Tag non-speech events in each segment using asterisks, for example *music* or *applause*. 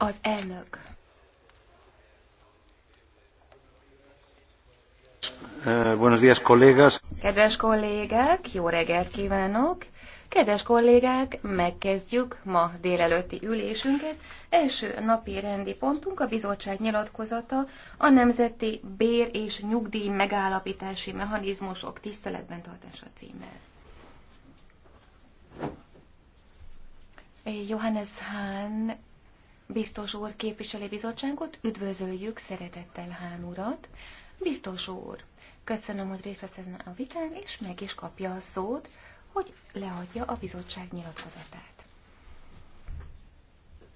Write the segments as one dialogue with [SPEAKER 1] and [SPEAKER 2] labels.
[SPEAKER 1] Az elnök. Eh, buenos días, kollégás. Kedves kollégák, jó reggelt kívánok! Kedves kollégák, megkezdjük ma délelőtti ülésünket. Első napi rendi pontunk a bizottság nyilatkozata a Nemzeti Bér és Nyugdíj Megállapítási Mechanizmusok tiszteletben tartása címmel. Johannes Hahn biztos úr képviseli bizottságot, üdvözöljük szeretettel Hán urat. Biztos úr, köszönöm, hogy részt vesz ezen a vitán, és meg is kapja a szót, hogy leadja a bizottság nyilatkozatát.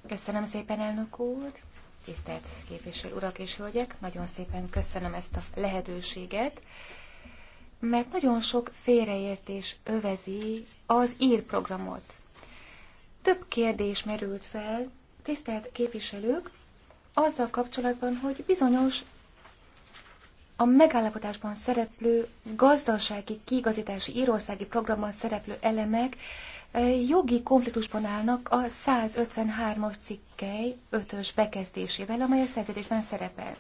[SPEAKER 1] Köszönöm szépen, elnök úr! Tisztelt képviselő urak és hölgyek, nagyon szépen köszönöm ezt a lehetőséget, mert nagyon sok félreértés övezi az ír programot. Több kérdés merült fel, Tisztelt képviselők, azzal kapcsolatban, hogy bizonyos a megállapodásban szereplő gazdasági kiigazítási írországi programban szereplő elemek e, jogi konfliktusban állnak a 153-as cikkely 5-ös bekezdésével, amely a szerződésben szerepel.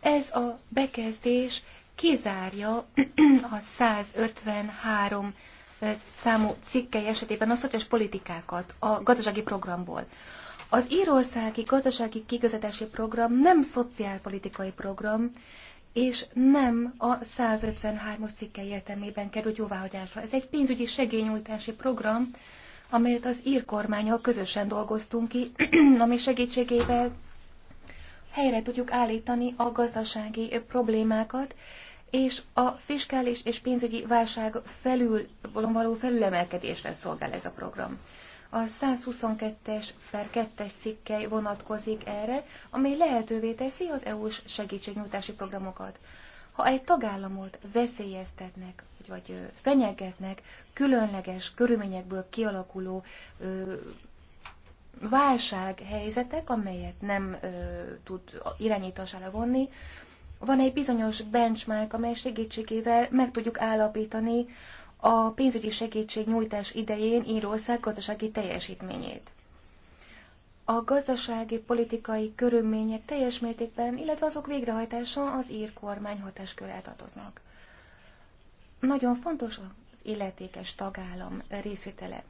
[SPEAKER 1] Ez a bekezdés kizárja a 153 e, számú cikkely esetében a szociális politikákat a gazdasági programból. Az írországi gazdasági kigazatási program nem szociálpolitikai program, és nem a 153 os cikke értelmében került jóváhagyásra. Ez egy pénzügyi segényújtási program, amelyet az ír kormányal közösen dolgoztunk ki, *clears throat* ami segítségével helyre tudjuk állítani a gazdasági problémákat, és a fiskális és pénzügyi válság felül, való felülemelkedésre szolgál ez a program. A 122-es per 2-es cikkely vonatkozik erre, amely lehetővé teszi az EU-s segítségnyújtási programokat. Ha egy tagállamot veszélyeztetnek, vagy fenyegetnek különleges körülményekből kialakuló ö, válsághelyzetek, amelyet nem ö, tud irányítására vonni, van egy bizonyos benchmark, amely segítségével meg tudjuk állapítani a pénzügyi nyújtás idején Írország gazdasági teljesítményét. A gazdasági politikai körülmények teljes mértékben, illetve azok végrehajtása az ír kormány hatáskörre tartoznak. Nagyon fontos az illetékes tagállam részvétele.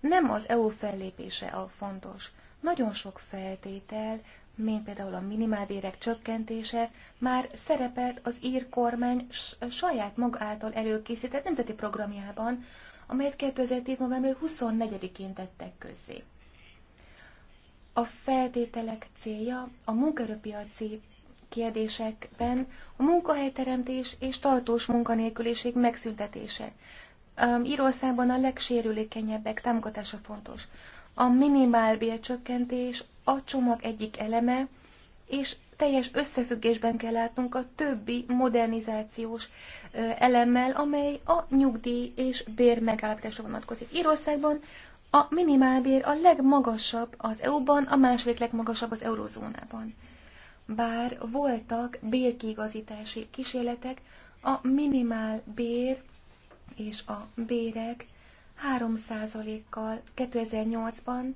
[SPEAKER 1] Nem az EU fellépése a fontos. Nagyon sok feltétel mint például a minimálbérek csökkentése, már szerepelt az ír kormány saját maga által előkészített nemzeti programjában, amelyet 2010. november 24-én tettek közzé. A feltételek célja a munkaerőpiaci kérdésekben a munkahelyteremtés és tartós munkanélküliség megszüntetése. Írországban a legsérülékenyebbek támogatása fontos. A minimálbércsökkentés a csomag egyik eleme, és teljes összefüggésben kell látnunk a többi modernizációs elemmel, amely a nyugdíj és bér megállapításra vonatkozik. Írországban a minimálbér a legmagasabb az EU-ban, a második legmagasabb az eurozónában. Bár voltak bérkiigazítási kísérletek, a minimálbér és a bérek 3%-kal 2008-ban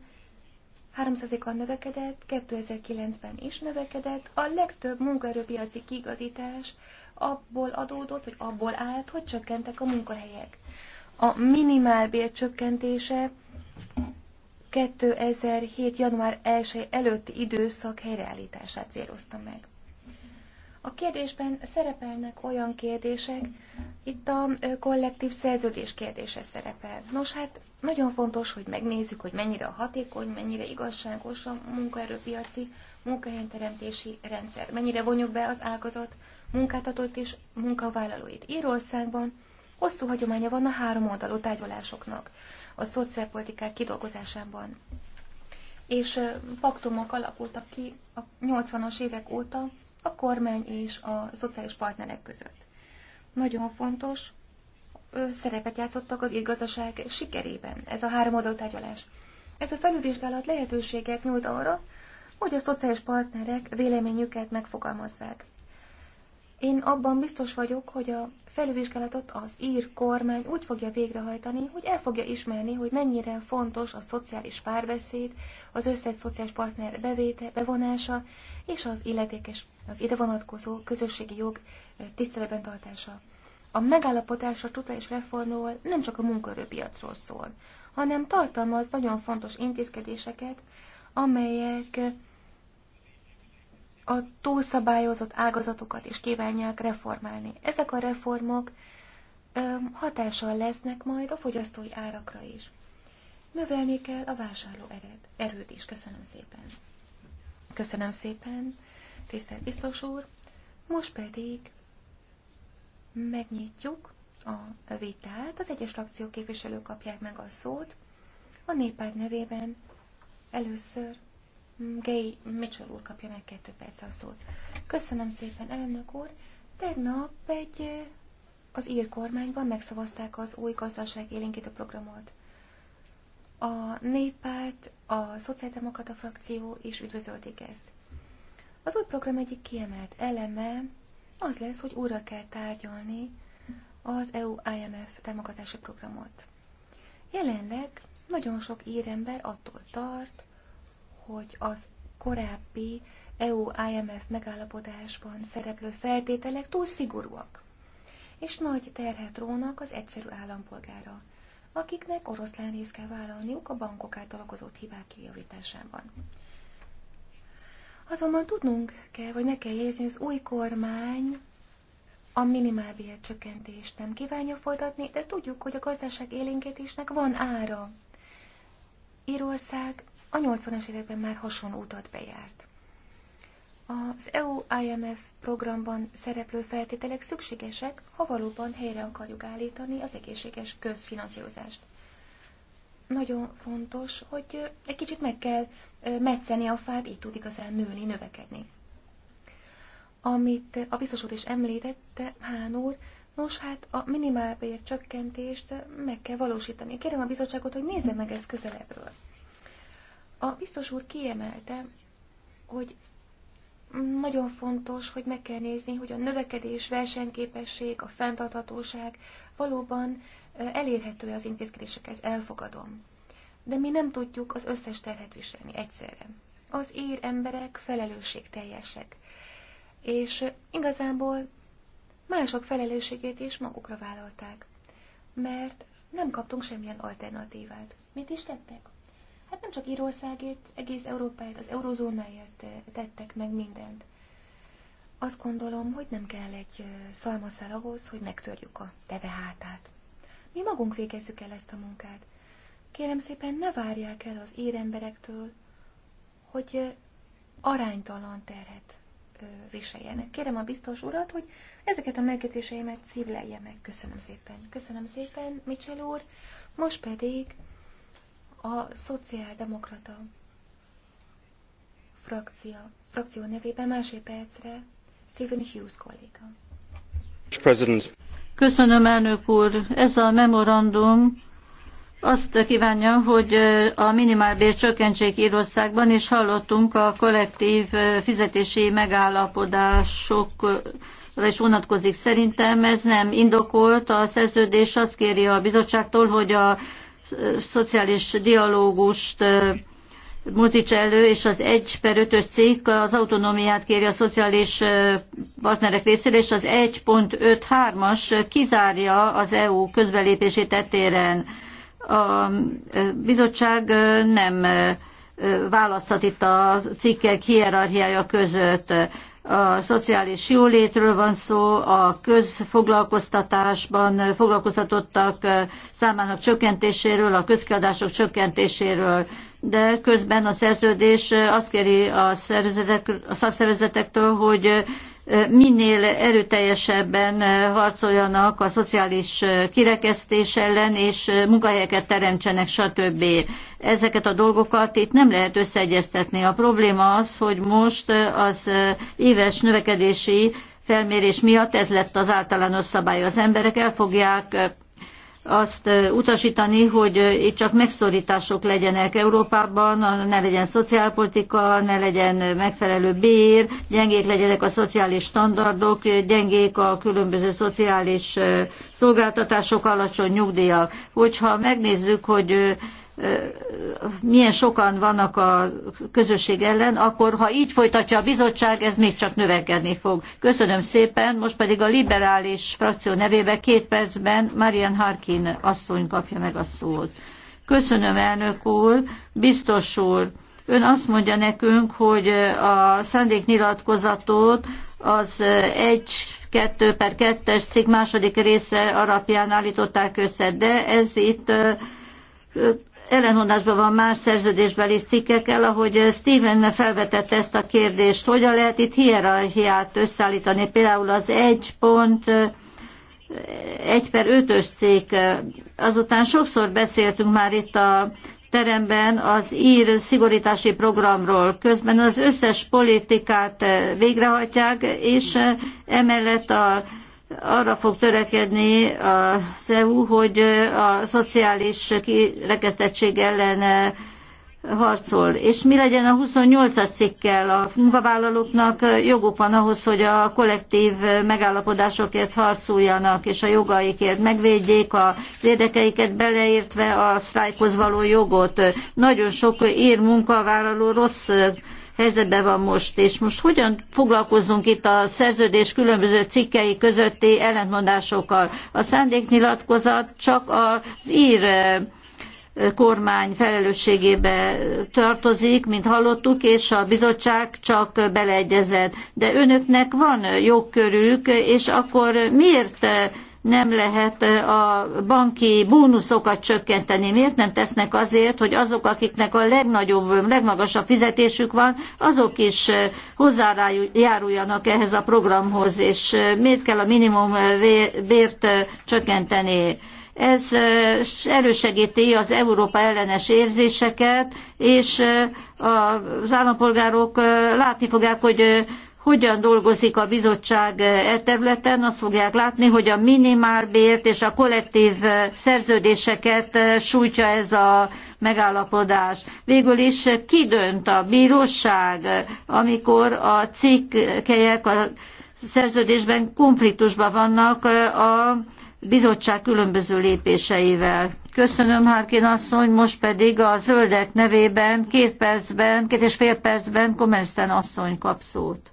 [SPEAKER 1] 3%-kal növekedett, 2009-ben is növekedett. A legtöbb munkaerőpiaci kiigazítás abból adódott, vagy abból állt, hogy csökkentek a munkahelyek. A minimálbér csökkentése 2007. január 1 előtti időszak helyreállítását célozta meg. A kérdésben szerepelnek olyan kérdések, itt a kollektív szerződés kérdése szerepel. Nos, hát nagyon fontos, hogy megnézzük, hogy mennyire hatékony, mennyire igazságos a munkaerőpiaci, munkahelyteremtési rendszer, mennyire vonjuk be az ágazat munkáltatót és munkavállalóit. Írországban hosszú hagyománya van a három oldalú tárgyalásoknak a szociálpolitikák kidolgozásában. És paktumok alakultak ki a 80-as évek óta, a kormány és a szociális partnerek között. Nagyon fontos, szerepet játszottak az igazaság sikerében, ez a három oldalú Ez a felülvizsgálat lehetőséget nyújt arra, hogy a szociális partnerek véleményüket megfogalmazzák. Én abban biztos vagyok, hogy a felülvizsgálatot az ír kormány úgy fogja végrehajtani, hogy el fogja ismerni, hogy mennyire fontos a szociális párbeszéd, az összes szociális partner bevéte, bevonása, és az illetékes, az ide vonatkozó közösségi jog eh, tiszteletben tartása. A megállapodás a és reformról nem csak a munkaerőpiacról szól, hanem tartalmaz nagyon fontos intézkedéseket, amelyek eh, a túlszabályozott ágazatokat is kívánják reformálni. Ezek a reformok eh, hatással lesznek majd a fogyasztói árakra is. Növelni kell a vásárló erőt is. Köszönöm szépen! Köszönöm szépen, tisztelt biztos úr. Most pedig megnyitjuk a vitát. Az egyes frakció képviselők kapják meg a szót. A néppárt nevében először Gay Mitchell úr kapja meg kettő perc a szót. Köszönöm szépen, elnök úr. Tegnap egy az ír kormányban megszavazták az új gazdaság élénkítő programot. A néppárt, a szociáldemokrata frakció is üdvözölték ezt. Az új program egyik kiemelt eleme az lesz, hogy újra kell tárgyalni az EU-IMF támogatási programot. Jelenleg nagyon sok írember attól tart, hogy az korábbi EU-IMF megállapodásban szereplő feltételek túl szigorúak, és nagy terhet rónak az egyszerű állampolgára akiknek oroszlán részt kell vállalniuk a bankok által okozott hibák kijavításában. Azonban tudnunk kell, vagy meg kell jegyezni, hogy az új kormány a minimálbér csökkentést nem kívánja folytatni, de tudjuk, hogy a gazdaság élénkítésnek van ára. Írország a 80-as években már hasonló utat bejárt. Az EU-IMF programban szereplő feltételek szükségesek, ha valóban helyre akarjuk állítani az egészséges közfinanszírozást. Nagyon fontos, hogy egy kicsit meg kell metszeni a fát, így tud igazán nőni, növekedni. Amit a biztos úr is említette, Hán úr, nos hát a minimálbér csökkentést meg kell valósítani. Kérem a bizottságot, hogy nézze meg ezt közelebbről. A biztos úr kiemelte, hogy nagyon fontos, hogy meg kell nézni, hogy a növekedés, versenyképesség, a fenntarthatóság valóban elérhető az intézkedések, elfogadom. De mi nem tudjuk az összes terhet viselni egyszerre. Az ír emberek felelősségteljesek, és igazából mások felelősségét is magukra vállalták, mert nem kaptunk semmilyen alternatívát. Mit is tettek? hát nem csak Írországét, egész Európáért, az eurozónáért eh, tettek meg mindent. Azt gondolom, hogy nem kell egy eh, szalmaszál ahhoz, hogy megtörjük a teve hátát. Mi magunk végezzük el ezt a munkát. Kérem szépen, ne várják el az éremberektől, hogy eh, aránytalan terhet viseljenek. Kérem a biztos urat, hogy ezeket a megjegyzéseimet szívlelje meg. Köszönöm szépen. Köszönöm szépen, Michel úr. Most pedig a szociáldemokrata frakcia, frakció nevében másodpercre Stephen Hughes kolléga.
[SPEAKER 2] Köszönöm, elnök úr. Ez a memorandum azt kívánja, hogy a minimálbér csökkentsék Írországban, és hallottunk a kollektív fizetési megállapodások és vonatkozik. Szerintem ez nem indokolt. A szerződés azt kéri a bizottságtól, hogy a szociális dialógust mozdítsa elő, és az 1 per 5-ös cikk az autonómiát kéri a szociális partnerek részéről, és az 1.5.3-as kizárja az EU közbelépését tetéren. A bizottság nem választhat itt a cikkek hierarchiája között a szociális jólétről van szó, a közfoglalkoztatásban foglalkoztatottak számának csökkentéséről, a közkiadások csökkentéséről, de közben a szerződés azt kéri a, a szakszervezetektől, hogy minél erőteljesebben harcoljanak a szociális kirekesztés ellen, és munkahelyeket teremtsenek, stb. Ezeket a dolgokat itt nem lehet összeegyeztetni. A probléma az, hogy most az éves növekedési felmérés miatt ez lett az általános szabály. Az emberek el fogják azt utasítani, hogy itt csak megszorítások legyenek Európában, ne legyen szociálpolitika, ne legyen megfelelő bér, gyengék legyenek a szociális standardok, gyengék a különböző szociális szolgáltatások, alacsony nyugdíjak. Hogyha megnézzük, hogy milyen sokan vannak a közösség ellen, akkor ha így folytatja a bizottság, ez még csak növekedni fog. Köszönöm szépen, most pedig a liberális frakció nevében két percben Marian Harkin asszony kapja meg a szót. Köszönöm, elnök úr, biztos úr. Ön azt mondja nekünk, hogy a szándéknyilatkozatot az egy 2 per 2-es cikk második része alapján állították össze, de ez itt ellenhonásban van más szerződésbeli cikkekkel, ahogy Steven felvetette ezt a kérdést, hogyan lehet itt hierarchiát összeállítani, például az egy pont egy per ötös cikk, azután sokszor beszéltünk már itt a teremben az ír szigorítási programról. Közben az összes politikát végrehajtják, és emellett a arra fog törekedni az EU, hogy a szociális kirekesztettség ellen eh, harcol. És mi legyen a 28-as cikkel? A munkavállalóknak eh, joguk van ahhoz, hogy a kollektív eh, megállapodásokért harcoljanak, és a jogaikért megvédjék az érdekeiket, beleértve a sztrájkhoz való jogot. Nagyon sok ír munkavállaló rossz helyzetben van most, és most hogyan foglalkozzunk itt a szerződés különböző cikkei közötti ellentmondásokkal. A szándéknyilatkozat csak az ír eh, kormány felelősségébe tartozik, mint hallottuk, és a bizottság csak beleegyezett. De önöknek van jogkörük, és akkor miért eh, nem lehet a banki bónuszokat csökkenteni. Miért nem tesznek azért, hogy azok, akiknek a legnagyobb, legmagasabb fizetésük van, azok is hozzájáruljanak ehhez a programhoz, és miért kell a minimum bért csökkenteni? Ez elősegíti az Európa ellenes érzéseket, és az állampolgárok látni fogják, hogy hogyan dolgozik a bizottság e, e területen, azt fogják látni, hogy a minimálbért és a kollektív e, szerződéseket e, sújtja ez a megállapodás. Végül is kidönt a bíróság, amikor a cikkelyek a szerződésben konfliktusban vannak a bizottság különböző lépéseivel. Köszönöm, Harkin asszony, most pedig a zöldek nevében két percben, két és fél percben Komenszten asszony kap szót.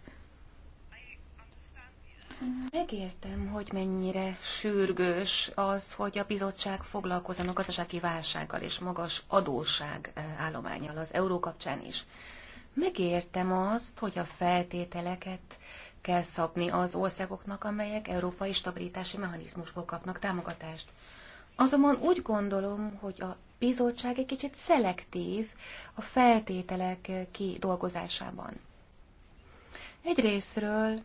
[SPEAKER 1] Megértem, hogy mennyire sürgős az, hogy a bizottság foglalkozzon a gazdasági válsággal és magas adósság eh, állományal az euró kapcsán is. Megértem azt, hogy a feltételeket kell szabni az országoknak, amelyek európai stabilitási mechanizmusból kapnak támogatást. Azonban úgy gondolom, hogy a bizottság egy kicsit szelektív a feltételek eh, kidolgozásában. Egyrésztről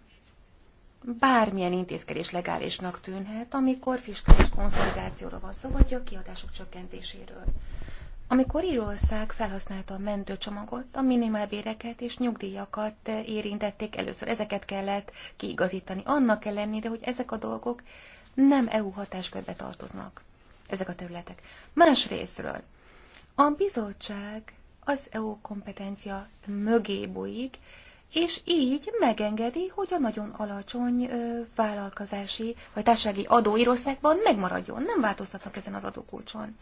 [SPEAKER 1] bármilyen intézkedés legálisnak tűnhet, amikor fiskális konszolidációra van szó, vagy a kiadások csökkentéséről. Amikor Írország felhasználta a mentőcsomagot, a minimálbéreket és nyugdíjakat eh, érintették először. Ezeket kellett kiigazítani. Annak ellenére, hogy ezek a dolgok nem EU hatáskörbe tartoznak. Ezek a területek. Más részről. A bizottság az EU kompetencia mögé bújik, és így megengedi, hogy a nagyon alacsony ö, vállalkozási vagy társasági adó Írországban megmaradjon, nem változtatnak ezen az adókulcson.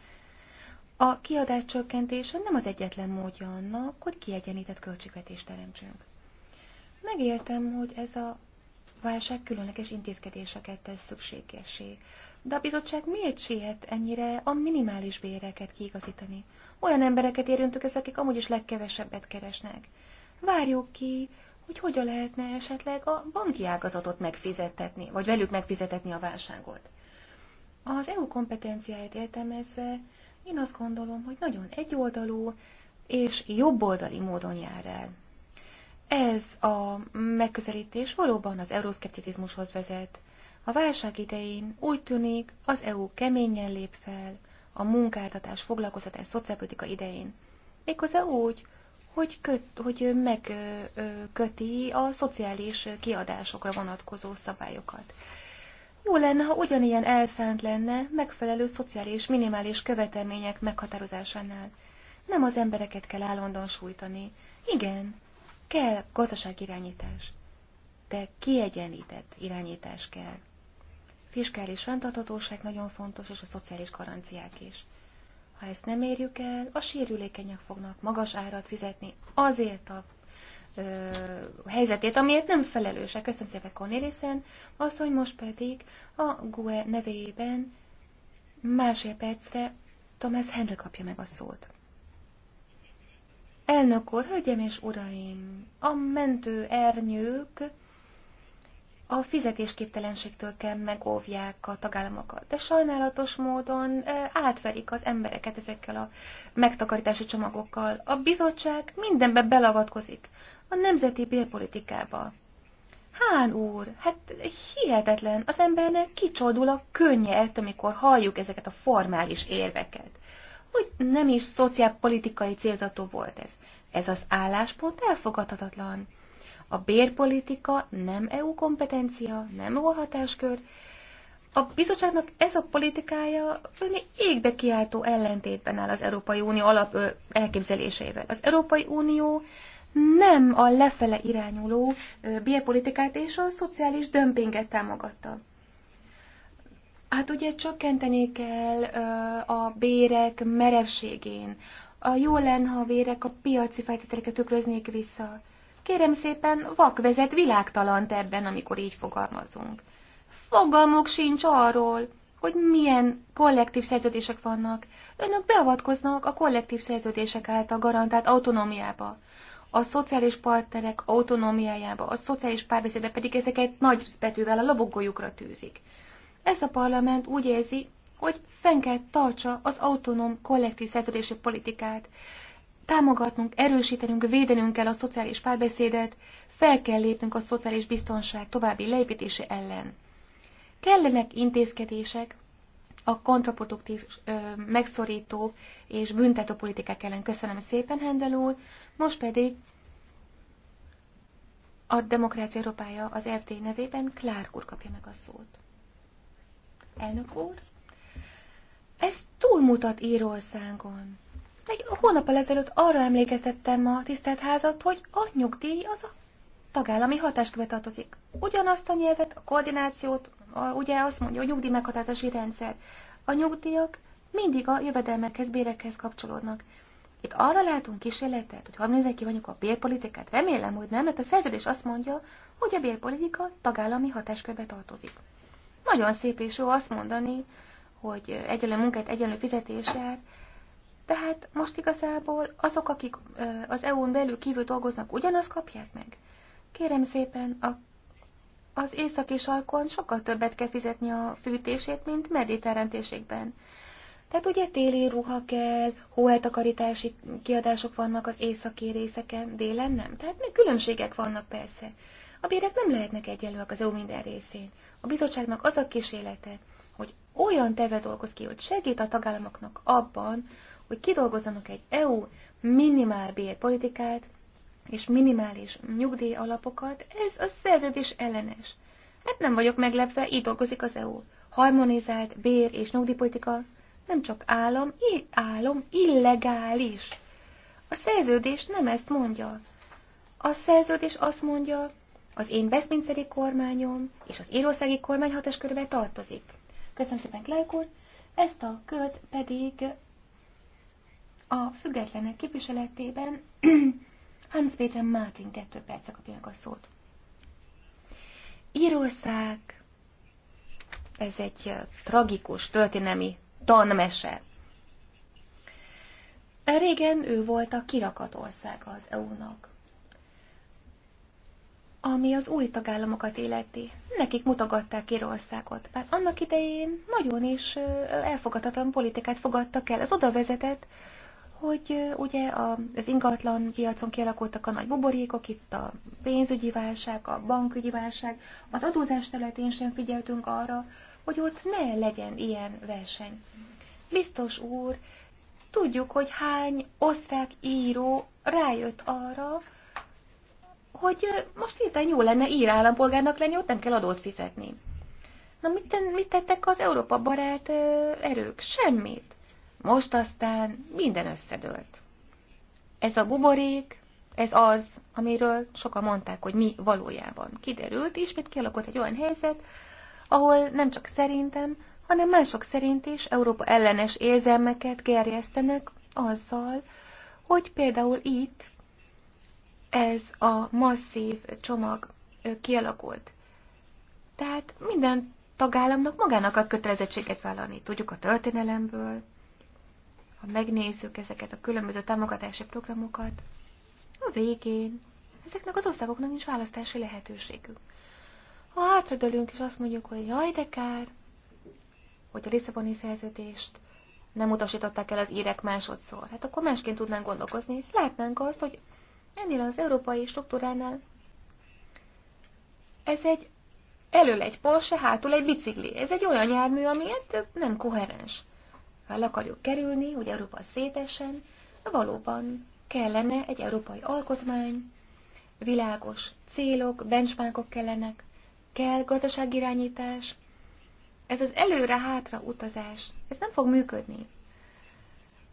[SPEAKER 1] A kiadás csökkentése nem az egyetlen módja annak, hogy kiegyenített költségvetést teremtsünk. Megértem, hogy ez a válság különleges intézkedéseket tesz szükségesé. De a bizottság miért siet ennyire a minimális béreket kiigazítani? Olyan embereket érintük ezek, akik amúgy is legkevesebbet keresnek. Várjuk ki, hogy hogyan lehetne esetleg a banki ágazatot megfizetetni, vagy velük megfizetetni a válságot. Az EU kompetenciáját értelmezve én azt gondolom, hogy nagyon egyoldalú és jobboldali módon jár el. Ez a megközelítés valóban az euroszkepticizmushoz vezet. A válság idején úgy tűnik, az EU keményen lép fel a munkáltatás, foglalkoztatás, szociálpolitika idején. Méghozzá úgy, hogy, köt, hogy megköti a szociális kiadásokra vonatkozó szabályokat. Jó lenne, ha ugyanilyen elszánt lenne megfelelő szociális minimális követelmények meghatározásánál. Nem az embereket kell állandóan sújtani. Igen, kell gazdaságirányítás, de kiegyenlített irányítás kell. Fiskális fenntarthatóság nagyon fontos, és a szociális garanciák is. Ha ezt nem érjük el, a sérülékenyek fognak magas árat fizetni azért a ö, helyzetét, amiért nem felelősek. Köszönöm szépen Az, hogy most pedig a GUE nevében másfél percre Thomas Henry kapja meg a szót. Elnök úr, hölgyem és uraim, a mentő ernyők a fizetésképtelenségtől kell megóvják a tagállamokat, de sajnálatos módon eh, átverik az embereket ezekkel a megtakarítási csomagokkal. A bizottság mindenbe belavatkozik, a nemzeti bérpolitikába. Hán úr, hát hihetetlen, az embernek kicsordul a könnyet, amikor halljuk ezeket a formális érveket. Hogy nem is szociálpolitikai célzatú volt ez. Ez az álláspont elfogadhatatlan. A bérpolitika nem EU kompetencia, nem EU hatáskör. A bizottságnak ez a politikája valami égbe kiáltó ellentétben áll az Európai Unió alap elképzelésével. Az Európai Unió nem a lefele irányuló bérpolitikát és a szociális dömpinget támogatta. Hát ugye csökkenteni kell a bérek merevségén. A jó lenne, ha a bérek a piaci feltételeket tükröznék vissza. Kérem szépen, vakvezet világtalant ebben, amikor így fogalmazunk. Fogalmuk sincs arról, hogy milyen kollektív szerződések vannak. Önök beavatkoznak a kollektív szerződések által garantált autonómiába, a szociális partnerek autonómiájába, a szociális párbeszédbe pedig ezeket nagy betűvel a lobogójukra tűzik. Ez a parlament úgy érzi, hogy fenn kell tartsa az autonóm kollektív szerződési politikát, Támogatnunk, erősítenünk, védenünk kell a szociális párbeszédet, fel kell lépnünk a szociális biztonság további leépítése ellen. Kellenek intézkedések a kontraproduktív, ö, megszorító és büntető politikák ellen. Köszönöm szépen, Hendel úr. Most pedig a Demokrácia Európája az RT nevében Clark úr kapja meg a szót. Elnök úr, ez túlmutat Írországon. Egy hónap ezelőtt arra emlékeztettem a tisztelt házat, hogy a nyugdíj az a tagállami hatáskörbe tartozik. Ugyanazt a nyelvet, a koordinációt, a, ugye azt mondja, a nyugdíj meghatározási rendszer. A nyugdíjak mindig a jövedelmekhez, bérekhez kapcsolódnak. Itt arra látunk kísérletet, hogy harmonizálni ki mondjuk a bérpolitikát. Remélem, hogy nem, mert a szerződés azt mondja, hogy a bérpolitika tagállami hatáskörbe tartozik. Nagyon szép és jó azt mondani, hogy egyenlő munkát, egyenlő fizetés jár, tehát most igazából azok, akik az EU-n belül kívül dolgoznak, ugyanazt kapják meg. Kérem szépen, a, az északi sarkon sokkal többet kell fizetni a fűtését, mint mediterrán Tehát ugye téli ruha kell, hóeltakarítási kiadások vannak az északi részeken, délen nem. Tehát meg különbségek vannak persze. A bérek nem lehetnek egyenlőek az EU minden részén. A bizottságnak az a kísérlete, hogy olyan terve dolgoz ki, hogy segít a tagállamoknak abban, hogy kidolgozzanak egy EU minimálbér e politikát és minimális nyugdíj alapokat, ez a szerződés ellenes. Hát nem vagyok meglepve, így dolgozik az EU. Harmonizált bér és nyugdíjpolitika nem csak állam, állam illegális. A szerződés nem ezt mondja. A szerződés azt mondja, az én Westminsteri kormányom és az írószági kormány hatáskörbe tartozik. Köszönöm szépen, Klejk úr! Ezt a költ pedig a függetlenek képviseletében *clears throat* Hans Peter Martin kettő perce kapja meg a szót. Írország, ez egy tragikus történelmi tanmese. Régen ő volt a kirakat ország az EU-nak. Ami az új tagállamokat életi, nekik mutogatták Írországot, bár annak idején nagyon is elfogadhatatlan politikát fogadtak el. Ez oda vezetett, hogy ugye az ingatlan piacon kialakultak a nagy buborékok, itt a pénzügyi válság, a bankügyi válság, az adózás területén sem figyeltünk arra, hogy ott ne legyen ilyen verseny. Biztos úr, tudjuk, hogy hány osztrák író rájött arra, hogy most hirtelen jó lenne ír állampolgárnak lenni, ott nem kell adót fizetni. Na mit, mit tettek az Európa barát erők? Semmit. Most aztán minden összedőlt. Ez a buborék, ez az, amiről sokan mondták, hogy mi valójában kiderült, ismét kialakult egy olyan helyzet, ahol nem csak szerintem, hanem mások szerint is Európa ellenes érzelmeket gerjesztenek azzal, hogy például itt ez a masszív csomag kialakult. Tehát minden tagállamnak magának a kötelezettséget vállalni. Tudjuk a történelemből, ha megnézzük ezeket a különböző támogatási programokat, a végén ezeknek az országoknak nincs választási lehetőségük. Ha hátradőlünk és azt mondjuk, hogy jaj, de kár, hogy a Lisszaboni szerződést nem utasították el az írek másodszor. Hát akkor másként tudnánk gondolkozni, látnánk azt, hogy ennél az európai struktúránál ez egy elől egy Porsche, hátul egy bicikli. Ez egy olyan jármű, ami hát nem koherens el akarjuk kerülni, hogy Európa szétesen, valóban kellene egy európai alkotmány, világos célok, benchmarkok kellenek, kell gazdaságirányítás. Ez az előre-hátra utazás, ez nem fog működni.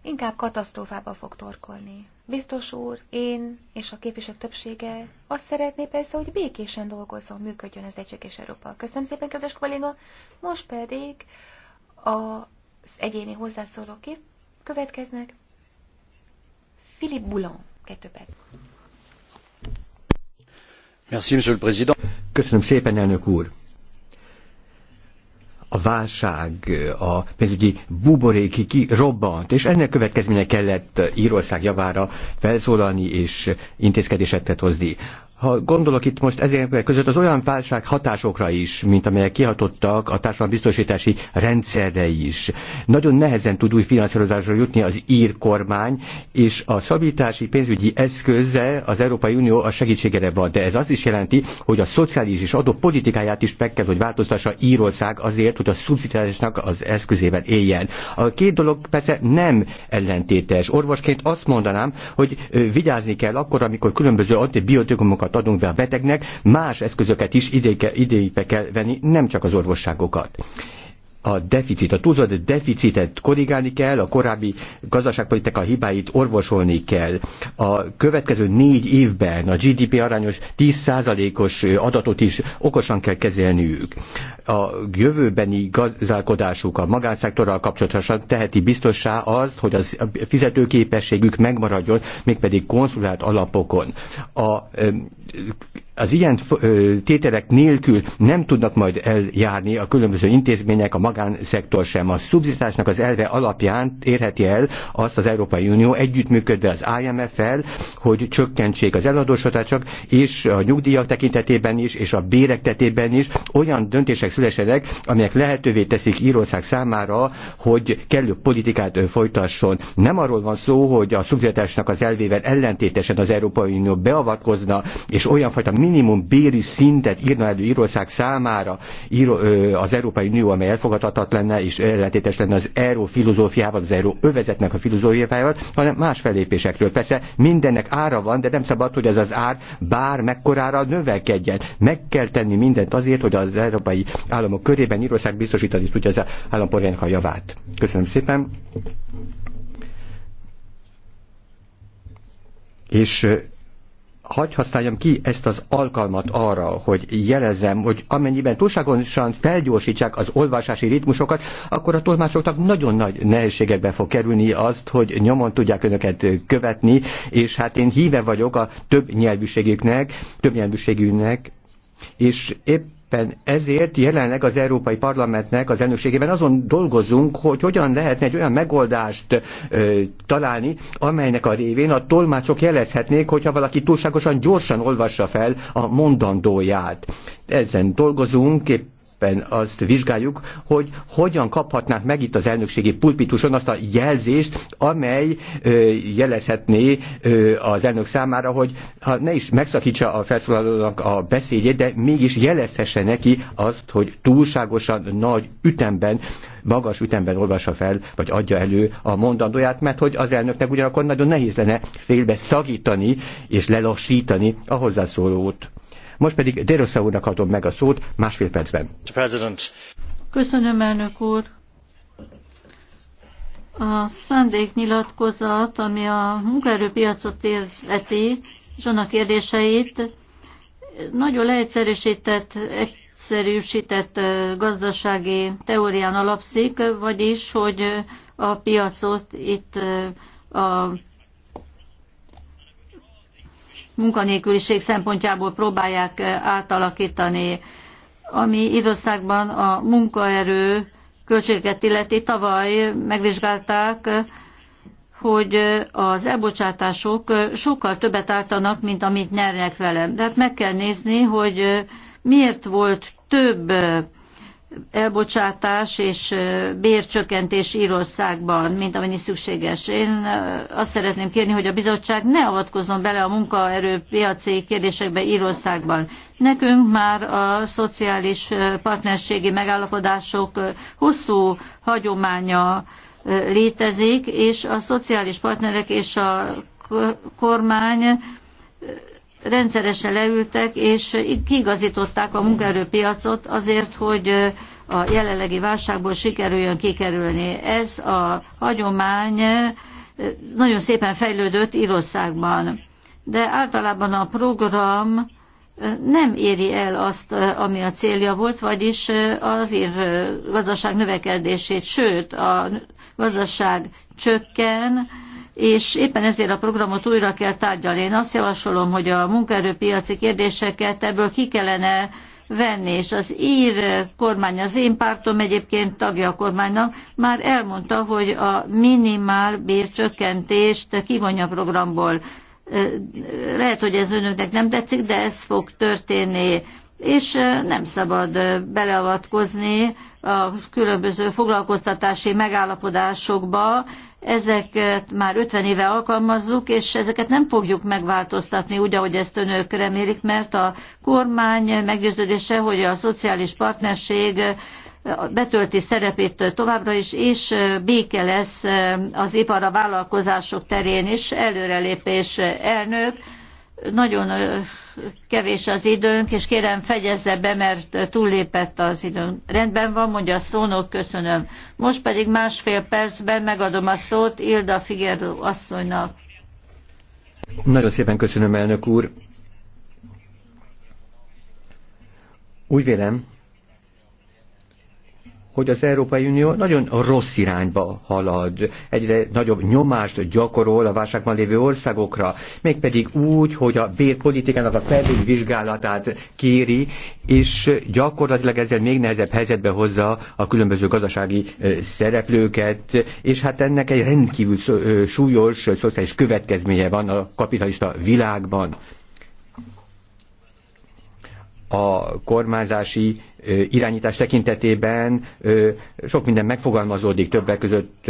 [SPEAKER 1] Inkább katasztrófába fog torkolni. Biztos úr, én és a képviselők többsége azt szeretné persze, hogy békésen dolgozzon, működjön az egységes Európa. Köszönöm szépen, kedves kolléga! Most pedig a egyéni hozzászólók ki. Következnek. Philippe Boulon, kettő perc.
[SPEAKER 3] Merci, monsieur le président. Köszönöm szépen, elnök úr a válság, a pénzügyi ki kirobbant, és ennek következménye kellett Írország javára felszólalni és intézkedéseket hozni ha gondolok itt most ezek között az olyan válság hatásokra is, mint amelyek kihatottak a társadalmi biztosítási rendszerre is. Nagyon nehezen tud új finanszírozásra jutni az ír kormány, és a szabítási pénzügyi eszköze az Európai Unió a segítségére van, de ez azt is jelenti, hogy a szociális és politikáját is meg kell, hogy változtassa Írország azért, hogy a szubszidiálisnak az eszközében éljen. A két dolog persze nem ellentétes. Orvosként azt mondanám, hogy vigyázni kell akkor, amikor különböző antibiotikumok orvosokat adunk be a betegnek, más eszközöket is idejébe kell venni, nem csak az orvosságokat a deficit, a túlzott deficitet korrigálni kell, a korábbi gazdaságpolitika hibáit orvosolni kell. A következő négy évben a GDP arányos 10%-os adatot is okosan kell kezelniük. A jövőbeni gazdálkodásuk a magánszektorral kapcsolatosan teheti biztossá az, hogy az fizetőképességük megmaradjon, mégpedig konszulált alapokon. A az ilyen tételek nélkül nem tudnak majd eljárni a különböző intézmények, a magánszektor sem. A szubzitásnak az elve alapján érheti el azt az Európai Unió együttműködve az IMF-el, hogy csökkentsék az eladósodások, és a nyugdíjak tekintetében is, és a bérek tetében is olyan döntések szülesenek, amelyek lehetővé teszik Írország számára, hogy kellő politikát folytasson. Nem arról van szó, hogy a szubzitásnak az elvével ellentétesen az Európai Unió beavatkozna, és olyanfajta minimum béri szintet írna elő Írország számára ö, az Európai Unió, amely elfogadhatat lenne és ellentétes lenne az euró filozófiával, az euró övezetnek a filozófiával, hanem más felépésekről. Persze mindennek ára van, de nem szabad, hogy ez az ár bár mekkorára növekedjen. Meg kell tenni mindent azért, hogy az európai államok körében Írország biztosítani tudja az állampolgárnak a javát. Köszönöm szépen. És hagy használjam ki ezt az alkalmat arra, hogy jelezem, hogy amennyiben túlságosan felgyorsítsák az olvasási ritmusokat, akkor a tolmásoknak nagyon nagy nehézségekbe fog kerülni azt, hogy nyomon tudják önöket követni, és hát én híve vagyok a több nyelvűségüknek, több nyelvűségűnek, és épp Éppen ezért jelenleg az Európai Parlamentnek az elnökségében azon dolgozunk, hogy hogyan lehetne egy olyan megoldást ö, találni, amelynek a révén a tolmácsok jelezhetnék, hogyha valaki túlságosan gyorsan olvassa fel a mondandóját. Ezen dolgozunk, épp éppen azt vizsgáljuk, hogy hogyan kaphatnánk meg itt az elnökségi pulpituson azt a jelzést, amely jelezhetné az elnök számára, hogy ha ne is megszakítsa a felszólalónak a beszédét, de mégis jelezhesse neki azt, hogy túlságosan nagy ütemben, magas ütemben olvassa fel, vagy adja elő a mondandóját, mert hogy az elnöknek ugyanakkor nagyon nehéz lenne félbe szagítani és lelassítani a hozzászólót. Most pedig Dérosza úrnak adom meg a szót másfél percben.
[SPEAKER 2] Köszönöm, elnök úr. A szándéknyilatkozat, ami a munkaerőpiacot illeti, és annak kérdéseit nagyon leegyszerűsített, egyszerűsített gazdasági teórián alapszik, vagyis, hogy a piacot itt a munkanélküliség szempontjából próbálják eh, átalakítani. Ami Írországban a munkaerő költségeket illeti, tavaly megvizsgálták, hogy eh, az elbocsátások eh, sokkal többet ártanak, mint amit nyernek vele. Tehát meg kell nézni, hogy miért volt több elbocsátás és bércsökkentés Írországban, mint amennyi szükséges. Én azt szeretném kérni, hogy a bizottság ne avatkozzon bele a munkaerő piaci kérdésekbe Írországban. Nekünk már a szociális partnerségi megállapodások hosszú hagyománya létezik, és a szociális partnerek és a kormány rendszeresen leültek, és kigazították a munkaerőpiacot azért, hogy a jelenlegi válságból sikerüljön kikerülni. Ez a hagyomány nagyon szépen fejlődött Írországban, de általában a program nem éri el azt, ami a célja volt, vagyis az ír gazdaság növekedését, sőt a gazdaság csökken, és éppen ezért a programot újra kell tárgyalni. Én azt javasolom, hogy a munkaerőpiaci kérdéseket ebből ki kellene venni, és az ír kormány, az én pártom egyébként tagja a kormánynak, már elmondta, hogy a minimál bércsökkentést kivonja a programból. Lehet, hogy ez önöknek nem tetszik, de ez fog történni, és nem szabad beleavatkozni a különböző foglalkoztatási megállapodásokba, Ezeket már 50 éve alkalmazzuk, és ezeket nem fogjuk megváltoztatni úgy, ahogy ezt önök remélik, mert a kormány meggyőződése, hogy a szociális partnerség betölti szerepét továbbra is, és béke lesz az ipar a vállalkozások terén is, előrelépés elnök. Nagyon kevés az időnk, és kérem fegyezze be, mert túllépett az időnk. Rendben van, mondja a szónok, köszönöm. Most pedig másfél percben megadom a szót Ilda Figerló asszonynak.
[SPEAKER 3] Nagyon szépen köszönöm, elnök úr. Úgy vélem, hogy az Európai Unió nagyon rossz irányba halad, egyre nagyobb nyomást gyakorol a válságban lévő országokra, mégpedig úgy, hogy a bérpolitikának a vizsgálatát kéri, és gyakorlatilag ezzel még nehezebb helyzetbe hozza a különböző gazdasági szereplőket, és hát ennek egy rendkívül súlyos szociális következménye van a kapitalista világban. A kormányzási irányítás tekintetében sok minden megfogalmazódik többek között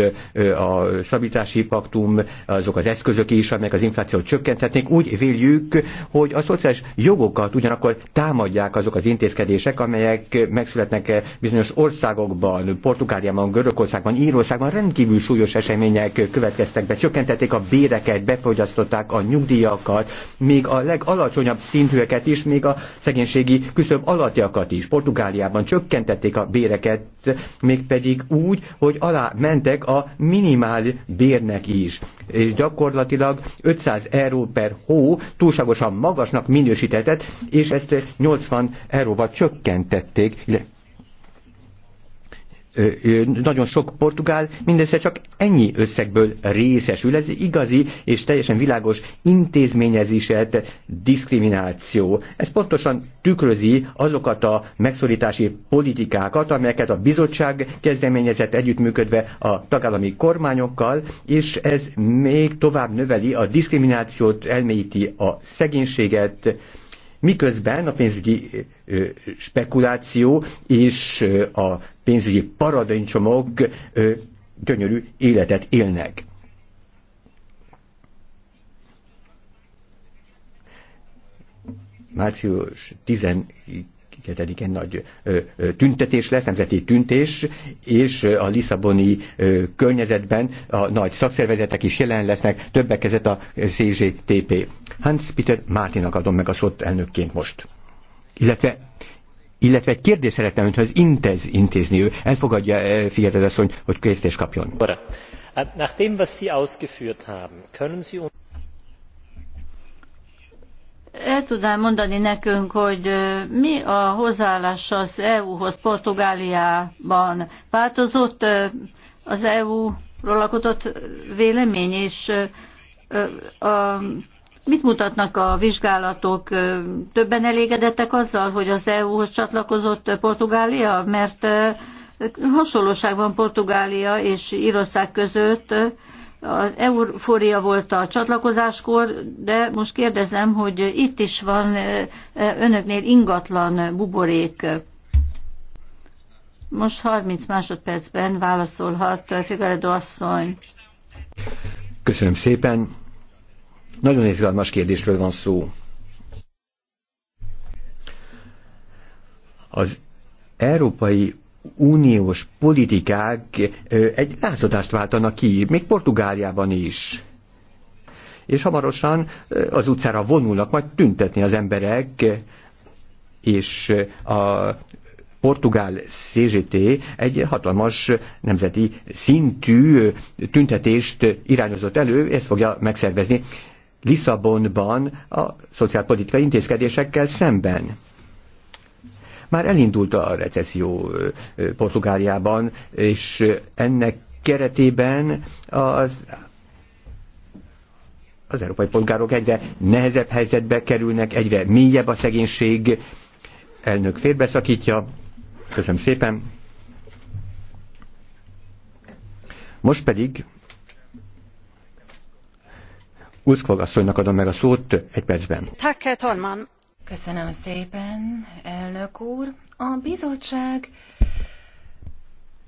[SPEAKER 3] a stabilitási paktum, azok az eszközök is, amelyek az inflációt csökkenthetnék. Úgy véljük, hogy a szociális jogokat ugyanakkor támadják azok az intézkedések, amelyek megszületnek bizonyos országokban, Portugáliában, Görögországban, Írországban rendkívül súlyos események következtek be, csökkentették a béreket, befogyasztották a nyugdíjakat, még a legalacsonyabb szintűeket is, még a szegénységi küszöb alattiakat is. Portugál Portugáliában csökkentették a béreket, mégpedig úgy, hogy alá mentek a minimál bérnek is. És gyakorlatilag 500 euró per hó túlságosan magasnak minősítetett, és ezt 80 euróval csökkentették, nagyon sok portugál mindössze csak ennyi összegből részesül. Ez igazi és teljesen világos intézményezésett diszkrimináció. Ez pontosan tükrözi azokat a megszorítási politikákat, amelyeket a bizottság kezdeményezett együttműködve a tagállami kormányokkal, és ez még tovább növeli a diszkriminációt, elmélyíti a szegénységet, miközben a pénzügyi spekuláció és a pénzügyi paradicsomok gyönyörű életet élnek. Március 12-en nagy tüntetés lesz, nemzeti tüntés, és a Lisszaboni környezetben a nagy szakszervezetek is jelen lesznek, többek között a CGTP. Hans Peter Mártinak adom meg a szót elnökként most, illetve illetve egy kérdés szeretném önthöz intéz, intézni ő. Elfogadja eh, Figyelted asszony, hogy kérdést kapjon. Hát Nach was Sie ausgeführt haben, können Sie uns
[SPEAKER 2] el tudnál mondani nekünk, hogy eh, mi a hozzáállás az EU-hoz Portugáliában? Változott eh, az EU-ról alkotott vélemény, és a Mit mutatnak a vizsgálatok? Többen elégedettek azzal, hogy az EU-hoz csatlakozott Portugália? Mert hasonlóság van Portugália és Írország között. Az eufória volt a csatlakozáskor, de most kérdezem, hogy itt is van önöknél ingatlan buborék. Most 30 másodpercben válaszolhat Figueredo asszony.
[SPEAKER 3] Köszönöm szépen. Nagyon izgalmas kérdésről van szó. Az Európai Uniós politikák egy látszatást váltanak ki, még Portugáliában is és hamarosan az utcára vonulnak majd tüntetni az emberek, és a portugál CGT egy hatalmas nemzeti szintű tüntetést irányozott elő, ezt fogja megszervezni Lisszabonban a szociálpolitikai intézkedésekkel szemben. Már elindult a recesszió Portugáliában, és ennek keretében az az európai polgárok egyre nehezebb helyzetbe kerülnek, egyre mélyebb a szegénység. Elnök félbeszakítja. Köszönöm szépen. Most pedig Ulszkog asszonynak adom meg a szót egy percben.
[SPEAKER 2] Köszönöm
[SPEAKER 1] szépen, elnök úr. A bizottság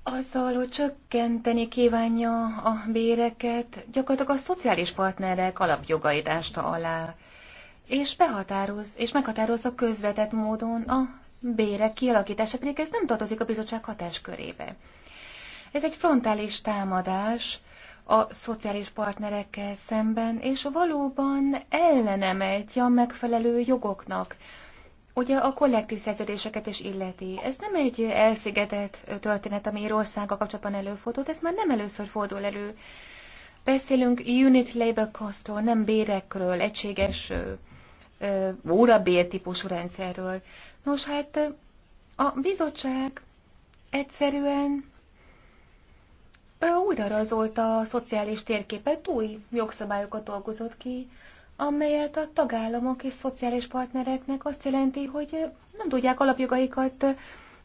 [SPEAKER 1] azzal, hogy csökkenteni kívánja a béreket, gyakorlatilag a szociális partnerek alapjogait ásta alá, és behatároz, és meghatározza közvetett módon a bérek kialakítása, pedig ez nem tartozik a bizottság hatáskörébe. Ez egy frontális támadás, a szociális partnerekkel szemben, és valóban ellene megy a megfelelő jogoknak. Ugye a kollektív szerződéseket is illeti. Ez nem egy elszigetett történet, ami Írországgal kapcsolatban előfordult, ez már nem először fordul elő. Beszélünk unit labor costról, nem bérekről, egységes órabér típusú rendszerről. Nos, hát a bizottság egyszerűen újra rajzolta a szociális térképet, új jogszabályokat dolgozott ki, amelyet a tagállamok és szociális partnereknek azt jelenti, hogy nem tudják alapjogaikat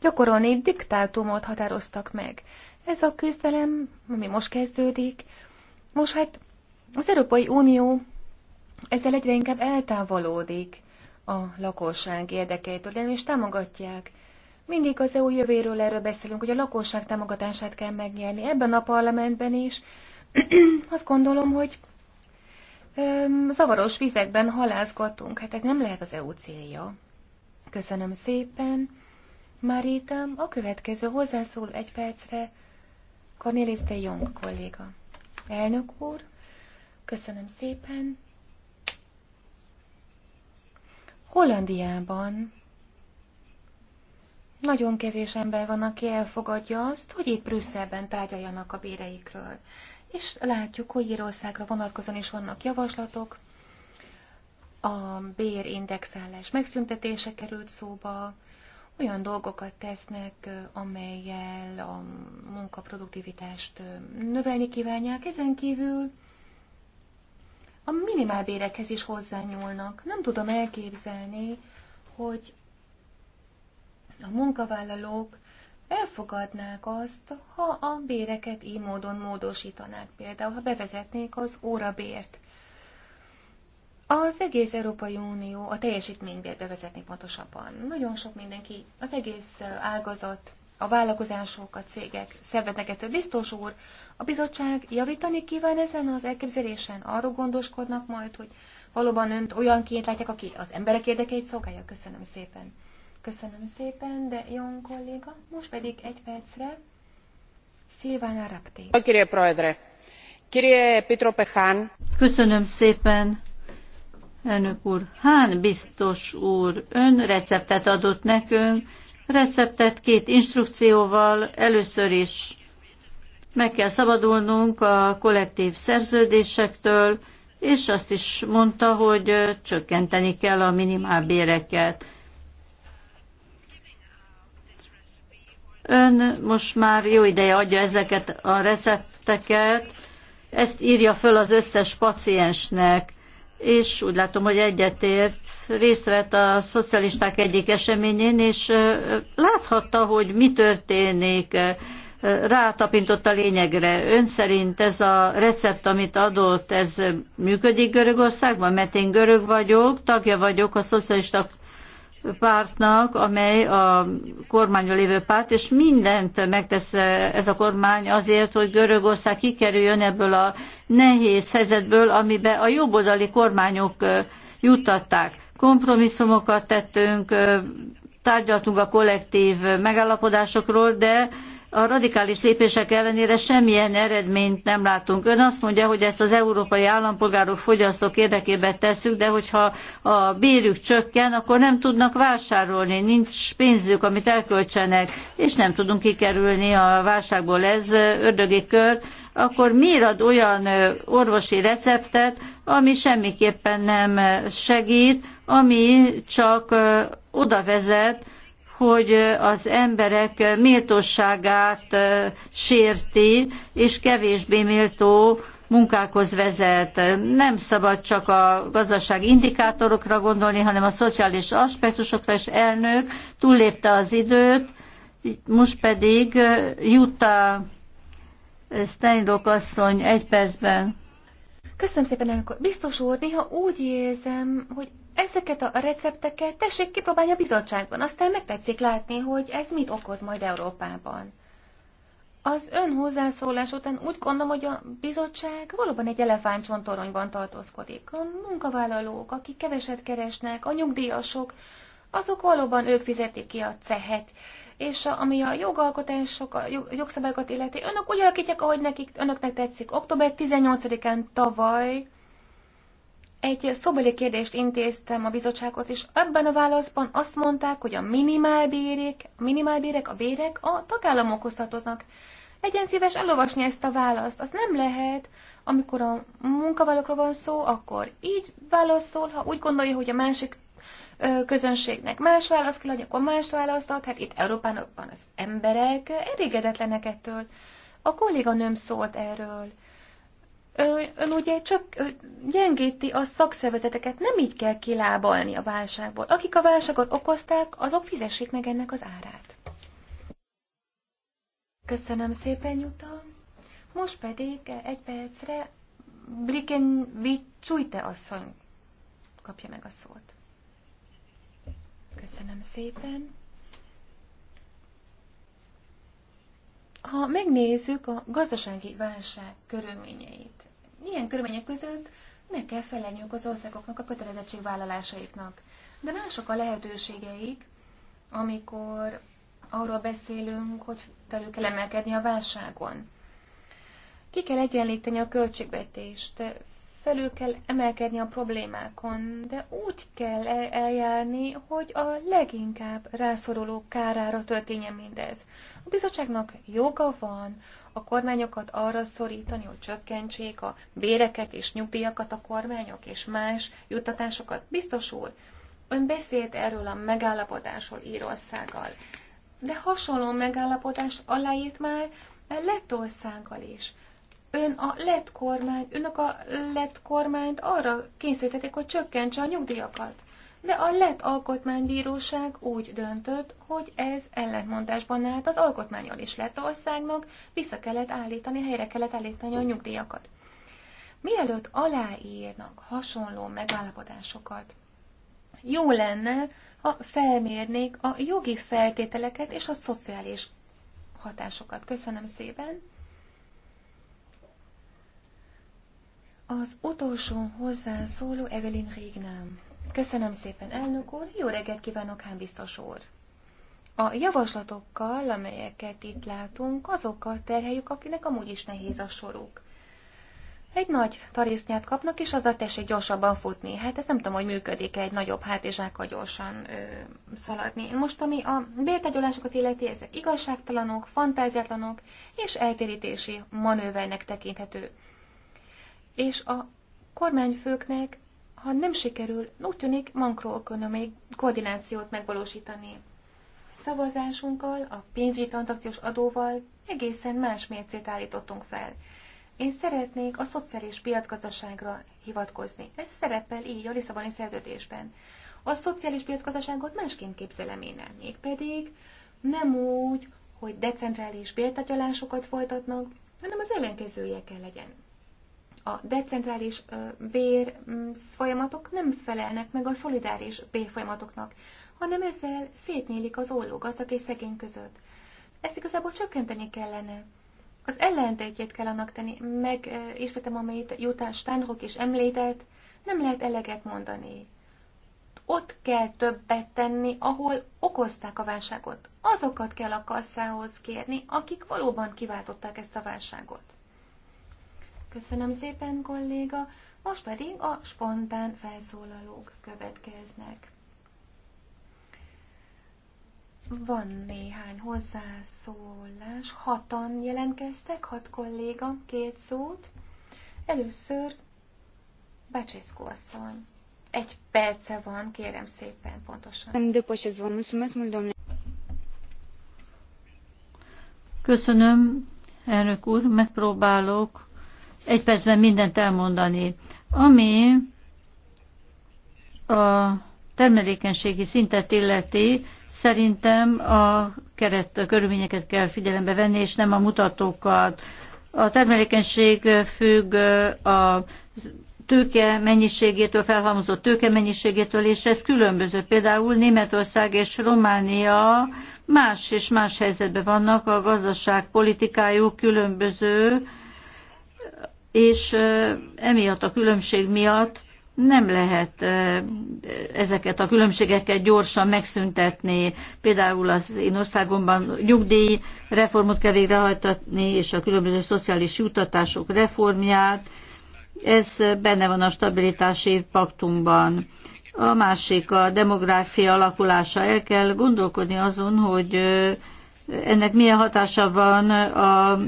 [SPEAKER 1] gyakorolni, diktátumot határoztak meg. Ez a küzdelem, ami most kezdődik, most hát az Európai Unió ezzel egyre inkább eltávolodik a lakosság érdekeitől, is támogatják mindig az EU jövőről erről beszélünk, hogy a lakosság támogatását kell megnyerni. Ebben a parlamentben is *clears throat* azt gondolom, hogy öm, zavaros vizekben halászgatunk. Hát ez nem lehet az EU célja. Köszönöm szépen. Máritám, a következő hozzászól egy percre Cornelis de Jong kolléga. Elnök úr, köszönöm szépen. Hollandiában nagyon kevés ember van, aki elfogadja azt, hogy itt Brüsszelben tárgyaljanak a béreikről. És látjuk, hogy Írországra vonatkozóan is vannak javaslatok. A bérindexálás megszüntetése került szóba, olyan dolgokat tesznek, amelyel a munkaproduktivitást növelni kívánják. Ezen kívül a minimálbérekhez is hozzányúlnak. Nem tudom elképzelni, hogy a munkavállalók elfogadnák azt, ha a béreket így módon módosítanák, például ha bevezetnék az órabért. Az egész Európai Unió a teljesítménybért bevezetni pontosabban. Nagyon sok mindenki, az egész ágazat, a vállalkozások, a cégek szenvednek ettől. Biztos úr, a bizottság javítani kíván ezen az elképzelésen, arról gondoskodnak majd, hogy valóban önt olyanként látják, aki az emberek érdekeit szolgálja. Köszönöm szépen. Köszönöm szépen, de jó kolléga, most pedig egy percre
[SPEAKER 2] Szilván Pehán. Köszönöm szépen, elnök úr. Hán biztos úr, ön receptet adott nekünk, receptet két instrukcióval, először is meg kell szabadulnunk a kollektív szerződésektől, és azt is mondta, hogy csökkenteni kell a minimálbéreket. Ön most már jó ideje adja ezeket a recepteket, ezt írja föl az összes paciensnek, és úgy látom, hogy egyetért részt vett a szocialisták egyik eseményén, és láthatta, hogy mi történik, rátapintott a lényegre. Ön szerint ez a recept, amit adott, ez működik Görögországban? Mert én görög vagyok, tagja vagyok a szocialista pártnak, amely a kormányon lévő párt, és mindent megtesz e, ez a kormány azért, hogy Görögország kikerüljön ebből a nehéz helyzetből, amiben a jobboldali kormányok e, juttatták. Kompromisszumokat tettünk, e, tárgyaltunk a kollektív megállapodásokról, de a radikális lépések ellenére semmilyen eredményt nem látunk. Ön azt mondja, hogy ezt az európai állampolgárok, fogyasztók érdekében tesszük, de hogyha a bérük csökken, akkor nem tudnak vásárolni, nincs pénzük, amit elköltsenek, és nem tudunk kikerülni a válságból. Ez ördögi kör. Akkor miért ad olyan orvosi receptet, ami semmiképpen nem segít, ami csak oda vezet, hogy az emberek méltóságát sérti, és kevésbé méltó munkákhoz vezet. Nem szabad csak a gazdaság indikátorokra gondolni, hanem a szociális aspektusokra, és elnök túllépte az időt, most pedig Jutta Steinrock asszony egy percben. Köszönöm szépen,
[SPEAKER 1] elnök Biztos úr,
[SPEAKER 2] néha úgy érzem, hogy Ezeket a recepteket tessék kipróbálni
[SPEAKER 1] a bizottságban, aztán megtetszik látni, hogy ez mit okoz majd Európában. Az ön hozzászólás után úgy gondolom, hogy a bizottság valóban egy elefántcsontoronyban tartózkodik. A munkavállalók, akik keveset keresnek, a nyugdíjasok, azok valóban ők fizetik ki a cehet. És a, ami a jogalkotások, a jog, jogszabályokat illeti, önök úgy alakítják, ahogy nekik, önöknek tetszik. Október 18-án tavaly egy szobeli kérdést intéztem a bizottsághoz, és ebben a válaszban azt mondták, hogy a minimálbérek, a minimálbérek, a bérek a tagállamokhoz tartoznak. Legyen szíves elolvasni ezt a választ. Az nem lehet, amikor a munkavállalókról van szó, akkor így válaszol, ha úgy gondolja, hogy a másik közönségnek más választ kell adni, akkor más választ ad. Hát itt Európában az emberek elégedetlenek ettől. A kolléganőm szólt erről ön, ön ugye csak gyengíti a szakszervezeteket, nem így kell kilábalni a válságból. Akik a válságot okozták, azok fizessék meg ennek az árát. Köszönöm szépen, Juta. Most pedig egy percre Bliken Vicsújte asszony kapja meg a szót. Köszönöm szépen. Ha megnézzük a gazdasági válság körülményeit, ilyen körülmények között meg kell felelniük az országoknak a kötelezettségvállalásaiknak. De mások a lehetőségeik, amikor arról beszélünk, hogy felül kell emelkedni a válságon. Ki kell egyenlíteni a költségvetést, felül kell emelkedni a problémákon, de úgy kell eljárni, hogy a leginkább rászoruló kárára történjen mindez. A bizottságnak joga van a kormányokat arra szorítani, hogy csökkentsék a béreket és nyugdíjakat a kormányok és más juttatásokat. Biztos úr, ön beszélt erről a megállapodásról Írországgal, de hasonló megállapodást aláírt már Lettországgal is ön a lett kormány, önök a lett kormányt arra kényszerítették, hogy csökkentse a nyugdíjakat. De a lett alkotmánybíróság úgy döntött, hogy ez ellentmondásban állt az alkotmányal is lett országnak, vissza kellett állítani, helyre kellett állítani a nyugdíjakat. Mielőtt aláírnak hasonló megállapodásokat, jó lenne, ha felmérnék a jogi feltételeket és a szociális hatásokat. Köszönöm szépen! Az utolsó hozzászóló Evelyn Régnám. Köszönöm szépen, elnök úr, jó reggelt kívánok, hán biztos úr! A javaslatokkal, amelyeket itt látunk, azokkal terheljük, akinek amúgy is nehéz a soruk. Egy nagy tarisznyát kapnak, és azzal tessék gyorsabban futni. Hát ezt nem tudom, hogy működik-e egy nagyobb hátizsákkal gyorsan ö, szaladni. Most, ami a bértegyolásokat illeti, ezek igazságtalanok, fantáziatlanok és eltérítési manővernek tekinthető és a kormányfőknek, ha nem sikerül, úgy tűnik makroökonomiai koordinációt megvalósítani. Szavazásunkkal, a pénzügyi transzakciós adóval egészen más mércét állítottunk fel. Én szeretnék a szociális piacgazdaságra hivatkozni. Ez szerepel így a Lisszaboni szerződésben. A szociális piacgazdaságot másként képzelem én el, mégpedig nem úgy, hogy decentrális bértagyalásokat folytatnak, hanem az ellenkezője kell legyen a decentrális bér mm, folyamatok nem felelnek meg a szolidáris bér folyamatoknak, hanem ezzel szétnyílik az olló gazdag és szegény között. Ezt igazából csökkenteni kellene. Az ellentétjét kell annak tenni, meg ismétem, amit Jután Steinrock is említett, nem lehet eleget mondani. Ott kell többet tenni, ahol okozták a válságot. Azokat kell a kasszához kérni, akik valóban kiváltották ezt a válságot. Köszönöm szépen, kolléga. Most pedig a spontán felszólalók következnek. Van néhány hozzászólás. Hatan jelentkeztek, hat kolléga, két szót. Először Bácsészkó asszony. Egy perce van, kérem szépen, pontosan.
[SPEAKER 2] Depășesc, vă mulțumesc mult, domnule. Köszönöm, elnök úr, megpróbálok egy percben mindent elmondani. Ami a termelékenységi szintet illeti, szerintem a keret a körülményeket kell figyelembe venni, és nem a mutatókat. A termelékenység függ a tőke mennyiségétől, felhalmozott tőke mennyiségétől, és ez különböző. Például Németország és Románia más és más helyzetben vannak, a gazdaságpolitikájuk különböző, és emiatt a különbség miatt nem lehet ezeket a különbségeket gyorsan megszüntetni. Például az én országomban nyugdíj reformot kell végrehajtatni, és a különböző szociális jutatások reformját. Ez benne van a stabilitási paktumban. A másik a demográfia alakulása. El kell gondolkodni azon, hogy ennek milyen hatása van a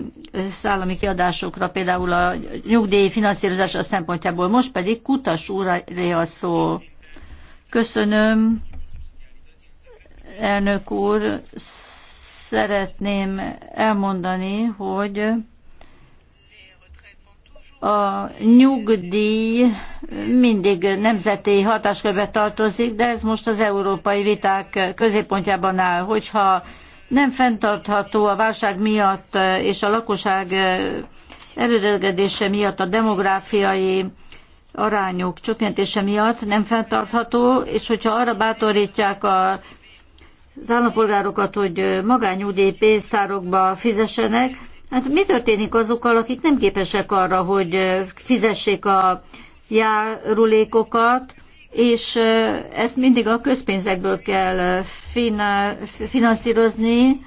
[SPEAKER 2] szállami kiadásokra, például a nyugdíj finanszírozása szempontjából. Most pedig Kutas úré a szó. Köszönöm, elnök úr. Szeretném elmondani, hogy a nyugdíj mindig nemzeti hatáskörbe tartozik, de ez most az európai viták középpontjában áll. Hogyha nem fenntartható a válság miatt és a lakosság erőregedése miatt, a demográfiai arányok csökkentése miatt nem fenntartható, és hogyha arra bátorítják a az állampolgárokat, hogy magányúdi pénztárokba fizessenek, hát mi történik azokkal, akik nem képesek arra, hogy fizessék a járulékokat, és ezt mindig a közpénzekből kell finanszírozni.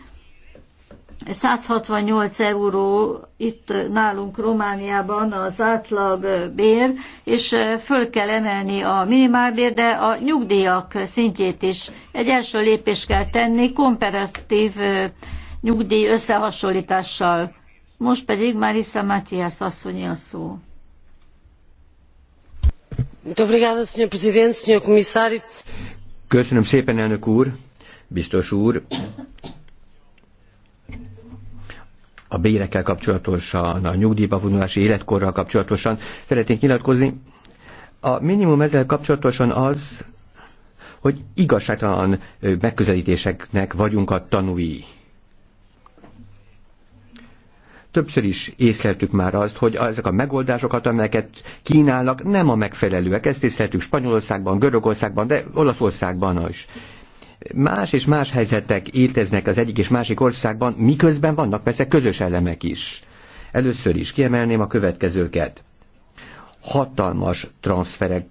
[SPEAKER 2] 168 euró itt nálunk Romániában az átlag bér, és föl kell emelni a minimálbér, de a nyugdíjak szintjét is. Egy első lépést kell tenni komparatív nyugdíj összehasonlítással. Most pedig Marisa Matias asszonyi a szó.
[SPEAKER 3] Köszönöm szépen, elnök úr, biztos úr. A bérekkel kapcsolatosan, a nyugdíjba vonulási életkorral kapcsolatosan szeretnék nyilatkozni. A minimum ezzel kapcsolatosan az, hogy igazságtalan megközelítéseknek vagyunk a tanúi. Többször is észleltük már azt, hogy ezek a megoldásokat, amelyeket kínálnak, nem a megfelelőek. Ezt észleltük Spanyolországban, Görögországban, de Olaszországban is más és más helyzetek éteznek az egyik és másik országban, miközben vannak persze közös elemek is. Először is kiemelném a következőket. Hatalmas transferek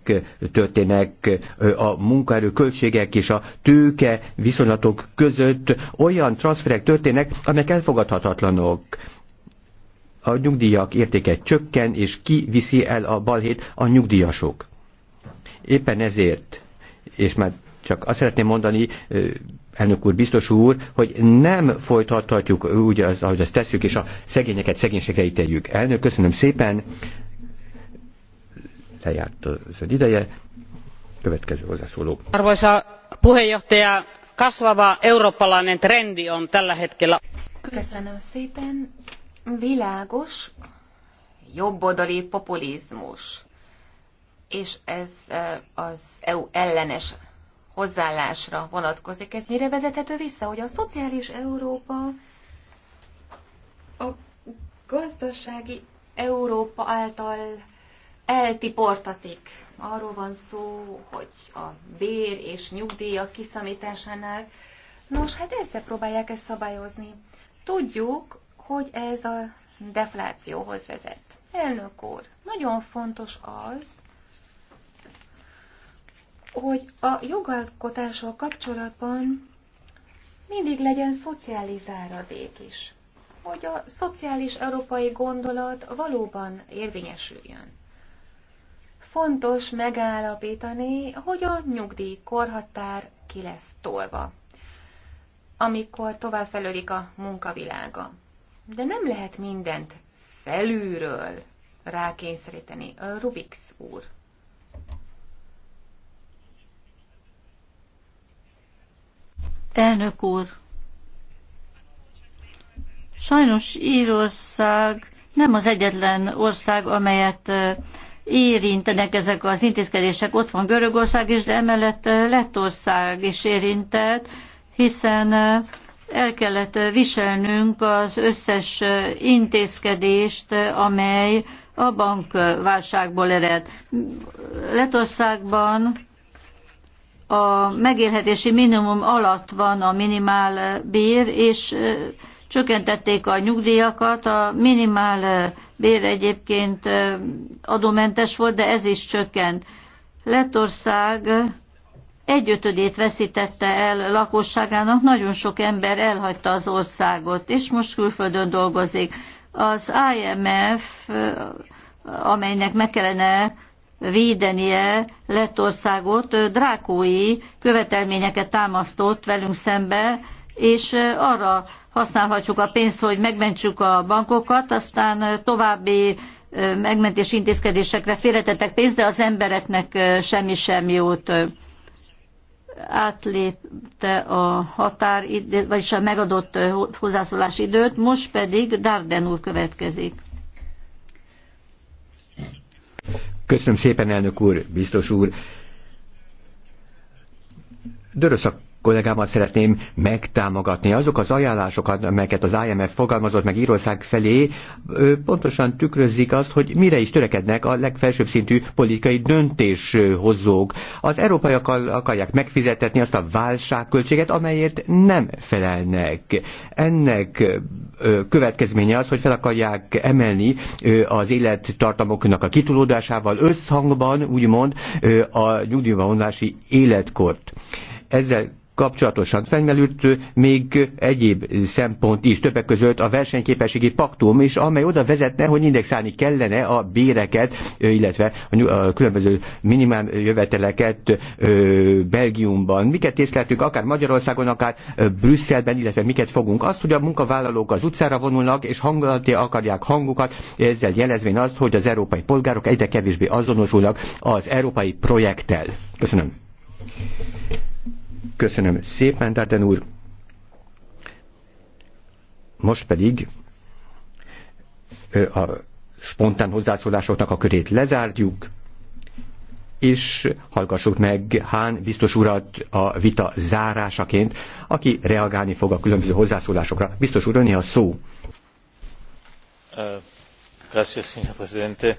[SPEAKER 3] történnek a munkaerő költségek és a tőke viszonylatok között. Olyan transferek történnek, amelyek elfogadhatatlanok a nyugdíjak értéke csökken, és ki viszi el a balhét a nyugdíjasok. Éppen ezért, és már csak azt szeretném mondani, elnök úr, biztos úr, hogy nem folytathatjuk úgy, az, ahogy azt tesszük, és a szegényeket szegénységre ítéljük. Elnök, köszönöm szépen. Lejárt az ideje. Következő hozzászóló.
[SPEAKER 2] Arvoisa puheenjohtaja, kasvava európalainen trendi on tällä hetkellä.
[SPEAKER 1] Köszönöm szépen világos jobboldali populizmus, és ez e, az EU ellenes hozzáállásra vonatkozik. Ez mire vezethető vissza, hogy a szociális Európa a gazdasági Európa által eltiportatik. Arról van szó, hogy a bér és nyugdíjak kiszámításánál. Nos, hát ezzel próbálják ezt szabályozni. Tudjuk, hogy ez a deflációhoz vezet. Elnök úr, nagyon fontos az, hogy a jogalkotással kapcsolatban mindig legyen szociális záradék is, hogy a szociális európai gondolat valóban érvényesüljön. Fontos megállapítani, hogy a nyugdíj korhatár ki lesz tolva, amikor tovább felölik a munkavilága. De nem lehet mindent felülről rákényszeríteni. A Rubix úr.
[SPEAKER 2] Elnök úr, sajnos Írország nem az egyetlen ország, amelyet érintenek ezek az intézkedések. Ott van Görögország is, de emellett Lettország is érintett, hiszen el kellett viselnünk az összes intézkedést, amely a bankválságból ered. Letországban a megélhetési minimum alatt van a minimál bér, és csökkentették a nyugdíjakat. A minimál bér egyébként adómentes volt, de ez is csökkent. Lettország egyötödét veszítette el lakosságának, nagyon sok ember elhagyta az országot, és most külföldön dolgozik. Az IMF, amelynek meg kellene védenie Lettországot, drákói követelményeket támasztott velünk szembe, és arra használhatjuk a pénzt, hogy megmentsük a bankokat, aztán további megmentési intézkedésekre félretettek pénzt, de az embereknek semmi sem jót átlépte a határ, vagyis a megadott hozzászólási időt, most pedig Darden úr következik.
[SPEAKER 3] Köszönöm szépen, elnök úr, biztos úr. Dörösszak kollégámmal szeretném megtámogatni. Azok az ajánlásokat, amelyeket az IMF fogalmazott meg Írország felé, pontosan tükrözik azt, hogy mire is törekednek a legfelsőbb szintű politikai döntéshozók. Az európaiak akarják megfizetetni azt a válságköltséget, amelyért nem felelnek. Ennek következménye az, hogy fel akarják emelni az élettartamoknak a kitulódásával összhangban, úgymond, a nyugdíjba vonási életkort. Ezzel kapcsolatosan felmerült még egyéb szempont is, többek között a versenyképességi paktum is, amely oda vezetne, hogy indexálni kellene a béreket, illetve a különböző minimál jöveteleket Belgiumban. Miket észleltünk akár Magyarországon, akár Brüsszelben, illetve miket fogunk? Azt, hogy a munkavállalók az utcára vonulnak, és hangulaté akarják hangukat, ezzel jelezvén azt, hogy az európai polgárok egyre kevésbé azonosulnak az európai projekttel. Köszönöm. Köszönöm szépen, Darden úr. Most pedig a spontán hozzászólásoknak a körét lezárjuk, és hallgassuk meg Hán biztos urat a vita zárásaként, aki reagálni fog a különböző hozzászólásokra. Biztos úr, a szó. Uh, gracias, señor presidente.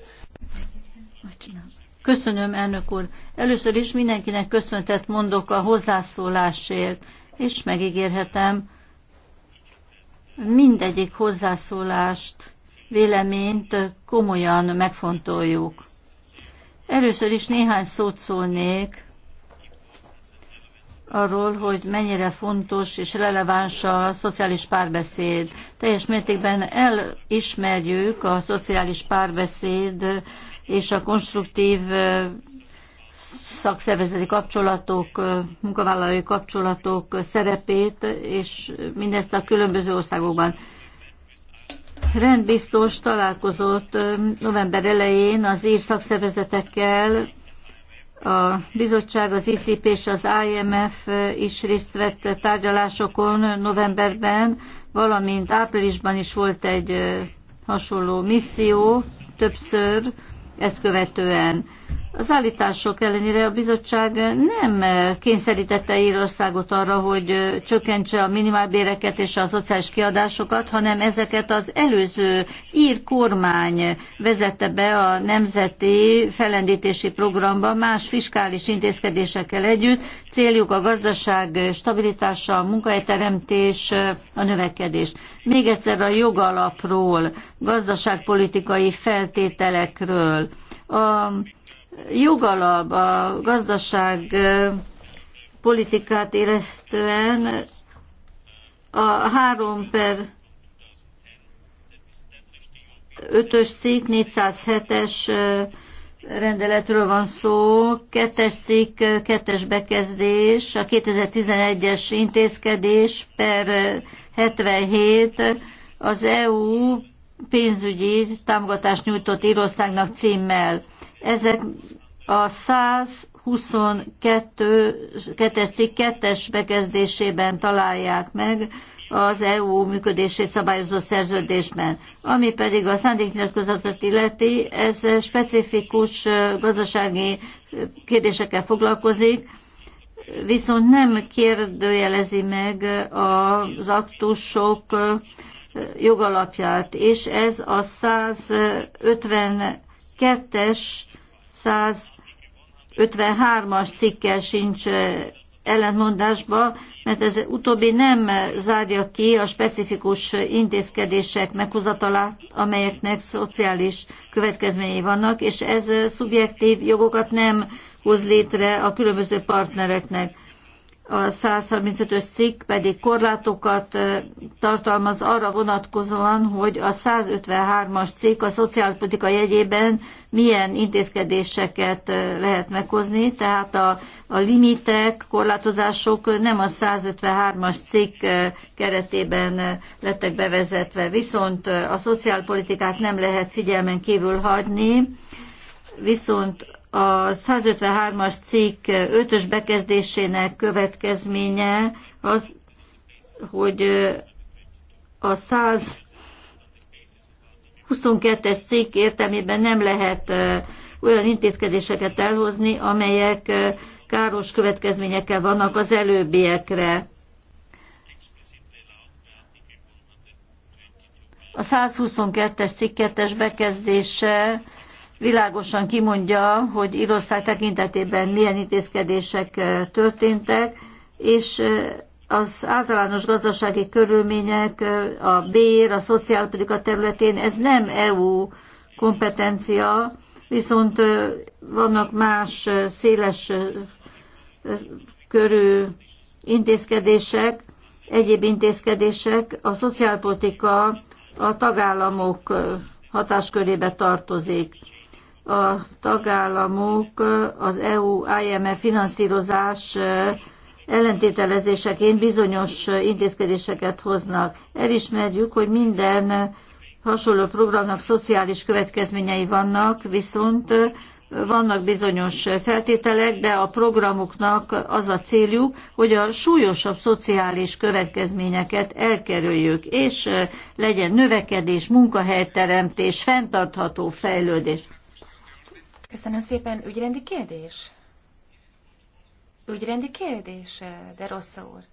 [SPEAKER 2] Köszönöm, elnök úr. Először is mindenkinek köszöntet mondok a hozzászólásért, és megígérhetem mindegyik hozzászólást, véleményt komolyan megfontoljuk. Először is néhány szót szólnék arról, hogy mennyire fontos és releváns a szociális párbeszéd. Teljes mértékben elismerjük a szociális párbeszéd és a konstruktív szakszervezeti kapcsolatok, munkavállalói kapcsolatok szerepét, és mindezt a különböző országokban. Rendbiztos találkozott november elején az ír szakszervezetekkel, a bizottság, az ICP és az IMF is részt vett tárgyalásokon novemberben, valamint áprilisban is volt egy hasonló misszió, többször ezt követően az állítások ellenére a bizottság nem kényszerítette Írországot arra, hogy csökkentse a minimálbéreket és a szociális kiadásokat, hanem ezeket az előző ír kormány vezette be a nemzeti felendítési programba más fiskális intézkedésekkel együtt. Céljuk a gazdaság stabilitása, a munkahelyteremtés, a növekedés. Még egyszer a jogalapról, gazdaságpolitikai feltételekről. A jogalap a gazdaság politikát illetően a 3 per 5-ös cikk 407-es rendeletről van szó, kettes cikk, kettes bekezdés, a 2011-es intézkedés per 77 az EU pénzügyi támogatást nyújtott Írországnak címmel. Ezek a 122-es cikk 2-es bekezdésében találják meg az EU működését szabályozó szerződésben. Ami pedig a szándéknyilatkozatot illeti, ez specifikus gazdasági kérdésekkel foglalkozik, viszont nem kérdőjelezi meg az aktusok jogalapját, és ez a 152-es, 153-as cikkel sincs ellentmondásba, mert ez utóbbi nem zárja ki a specifikus intézkedések meghozatalát, amelyeknek szociális következményei vannak, és ez szubjektív jogokat nem hoz létre a különböző partnereknek a 135-ös cikk pedig korlátokat tartalmaz arra vonatkozóan, hogy a 153-as cikk a szociálpolitika jegyében milyen intézkedéseket lehet meghozni, tehát a, a limitek, korlátozások nem a 153-as cikk keretében lettek bevezetve, viszont a szociálpolitikát nem lehet figyelmen kívül hagyni, viszont a 153-as cikk 5-ös bekezdésének következménye az, hogy a 122-es cikk értelmében nem lehet olyan intézkedéseket elhozni, amelyek káros következményekkel vannak az előbbiekre. A 122-es cikk 2 bekezdése világosan kimondja, hogy Írország tekintetében milyen intézkedések történtek, és az általános gazdasági körülmények, a bér, a szociálpolitika területén, ez nem EU kompetencia, viszont vannak más széles körű intézkedések, egyéb intézkedések. A szociálpolitika a tagállamok hatáskörébe tartozik a tagállamok az EU-IMF finanszírozás ellentételezéseként bizonyos intézkedéseket hoznak. Elismerjük, hogy minden hasonló programnak szociális következményei vannak, viszont vannak bizonyos feltételek, de a programoknak az a céljuk, hogy a súlyosabb szociális következményeket elkerüljük, és legyen növekedés, munkahelyteremtés, fenntartható fejlődés. Köszönöm szépen. Ügyrendi kérdés?
[SPEAKER 1] Ügyrendi kérdés, eh, de rossz úr.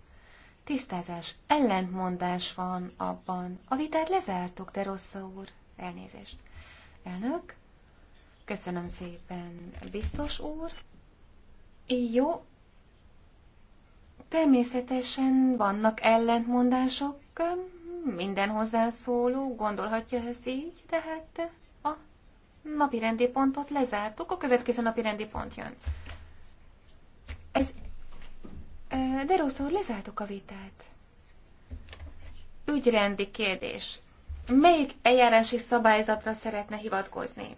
[SPEAKER 1] Tisztázás, ellentmondás van abban. A vitát lezártuk, de rossz úr. Elnézést. Elnök, köszönöm szépen. Biztos úr? Jó. Természetesen vannak ellentmondások, eh, minden hozzászóló gondolhatja ezt így, de hát eh, napi rendi pontot lezártuk, a következő napi rendi pont jön. Ez... De rossz, hogy lezártuk a vitát. Ügyrendi kérdés. Melyik eljárási szabályzatra szeretne hivatkozni?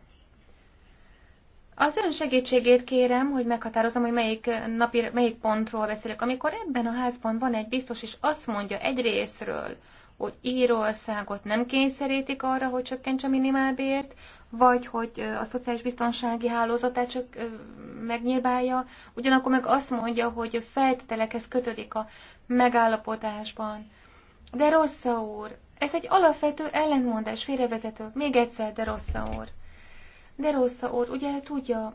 [SPEAKER 1] Az ön segítségét kérem, hogy meghatározom, hogy melyik, napi, melyik pontról beszélek. Amikor ebben a házban van egy biztos, és azt mondja egy részről, hogy írószágot nem kényszerítik arra, hogy csökkentse a minimálbért, vagy hogy a szociális biztonsági hálózatát csak megnyírbálja, ugyanakkor meg azt mondja, hogy a feltételekhez kötődik a megállapodásban. De rossz úr, ez egy alapvető ellentmondás, félrevezető. Még egyszer, de rossz úr. De rossz úr, ugye tudja,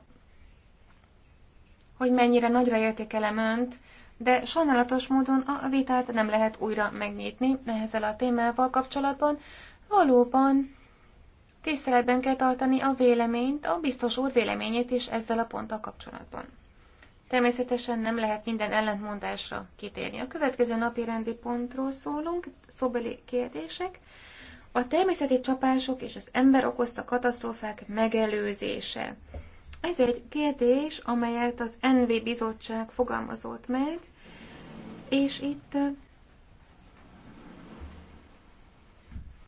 [SPEAKER 1] hogy mennyire nagyra értékelem önt, de sajnálatos módon a vitát nem lehet újra megnyitni ezzel a témával kapcsolatban. Valóban Tiszteletben kell tartani a véleményt, a biztos úr véleményét is ezzel a ponttal kapcsolatban. Természetesen nem lehet minden ellentmondásra kitérni. A következő napi rendi pontról szólunk, szóbeli kérdések. A természeti csapások és az ember okozta katasztrófák megelőzése. Ez egy kérdés, amelyet az NV bizottság fogalmazott meg, és itt